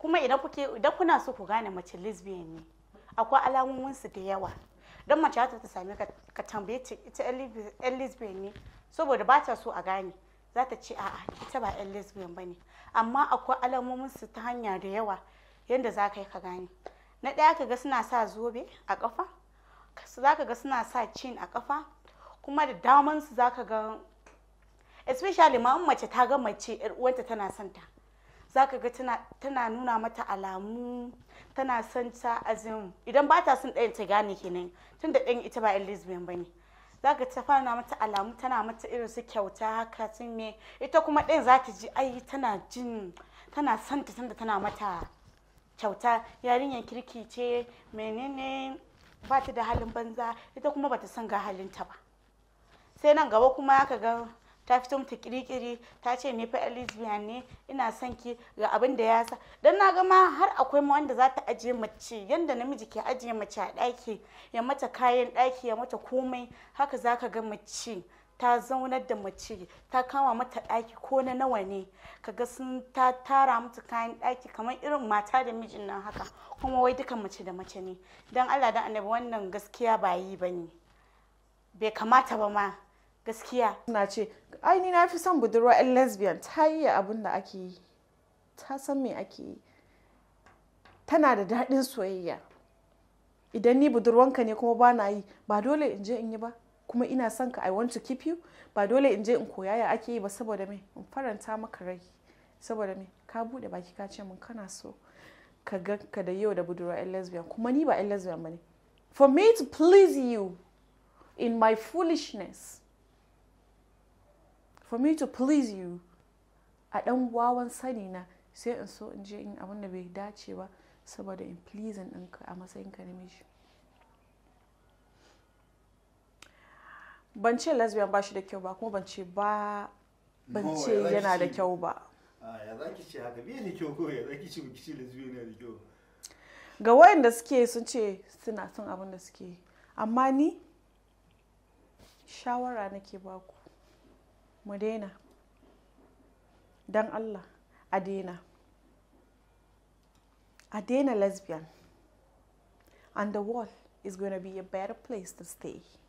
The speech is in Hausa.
kuma idan kuke idan kuna so ku gane mace lesbian ne akwai alamomin su da yawa don mace ta same ka ka tambaye ta ita yan lesbian ne saboda ba ta so a gane za ta ce a'a ita ba yan lesbian bane amma akwai alamomin su ta hanya da yawa yanda za ka yi ka gane na ɗaya ka ga suna sa zobe a ƙafa za ka ga suna sa cin a kafa kuma da damansu za ka ga especially ma mace ta ga mace uwanta tana son ta za ka ga tana nuna mata alamu tana son ta azin idan ba ta son ɗayan ta gane kenan tun da ɗayan ita ba yan lesbian ba ne za ka ta fara mata alamu tana mata irin su kyauta haka tun me ita kuma ɗayan za ta ji ai tana jin tana son ta tunda tana mata kyauta yarinyar kirki ce menene ba ta da halin banza ita kuma ba ta son ga halinta ba sai nan gaba kuma ka ga ta fito mata kirikiri ta ce ni fa lesbian ne ina son ki ga abin da ya sa dan na gama har akwai ma wanda za ta ajiye mace yadda namiji ke ajiye mace a daki ya mata kayan daki ya mata komai haka zaka ga mace ta zaunar da mace ta kama mata daki ko na nawa ne kaga sun ta tara mata kayan daki kamar irin mata da mijin nan haka kuma wai dukan mace da mace ne don allah da annabi wannan gaskiya ba yi ba ne bai kamata ba ma gaskiya na ce ai ni na fi son budurwa yan lesbian ta yi abin da ake yi ta san me ake yi tana da daɗin soyayya idan ni budurwanka ne kuma ba na yi ba dole in je in yi ba kuma ina son ka i want to keep you ba dole in je in koya ya ake yi ba saboda me in faranta maka rai saboda me ka bude baki ka ce min kana so ka ga ka da yau da budurwa yan lesbian kuma ni ba yan lesbian bane for me to please you in my foolishness for me to please you a ɗan wawan sani na sai in so in je in abin da bai dace ba saboda in pleasing ɗinka a matsayin ka namiji ban ce lesbian ba shi da kyau ba kuma ban ce ba ban ce yana da kyau ba ga wayan da ga wayanda suke sun ce suna son abin da suke amma ni shawara nake baku mu daina don allah a daina a daina lesbian and the world is going to be a better place to stay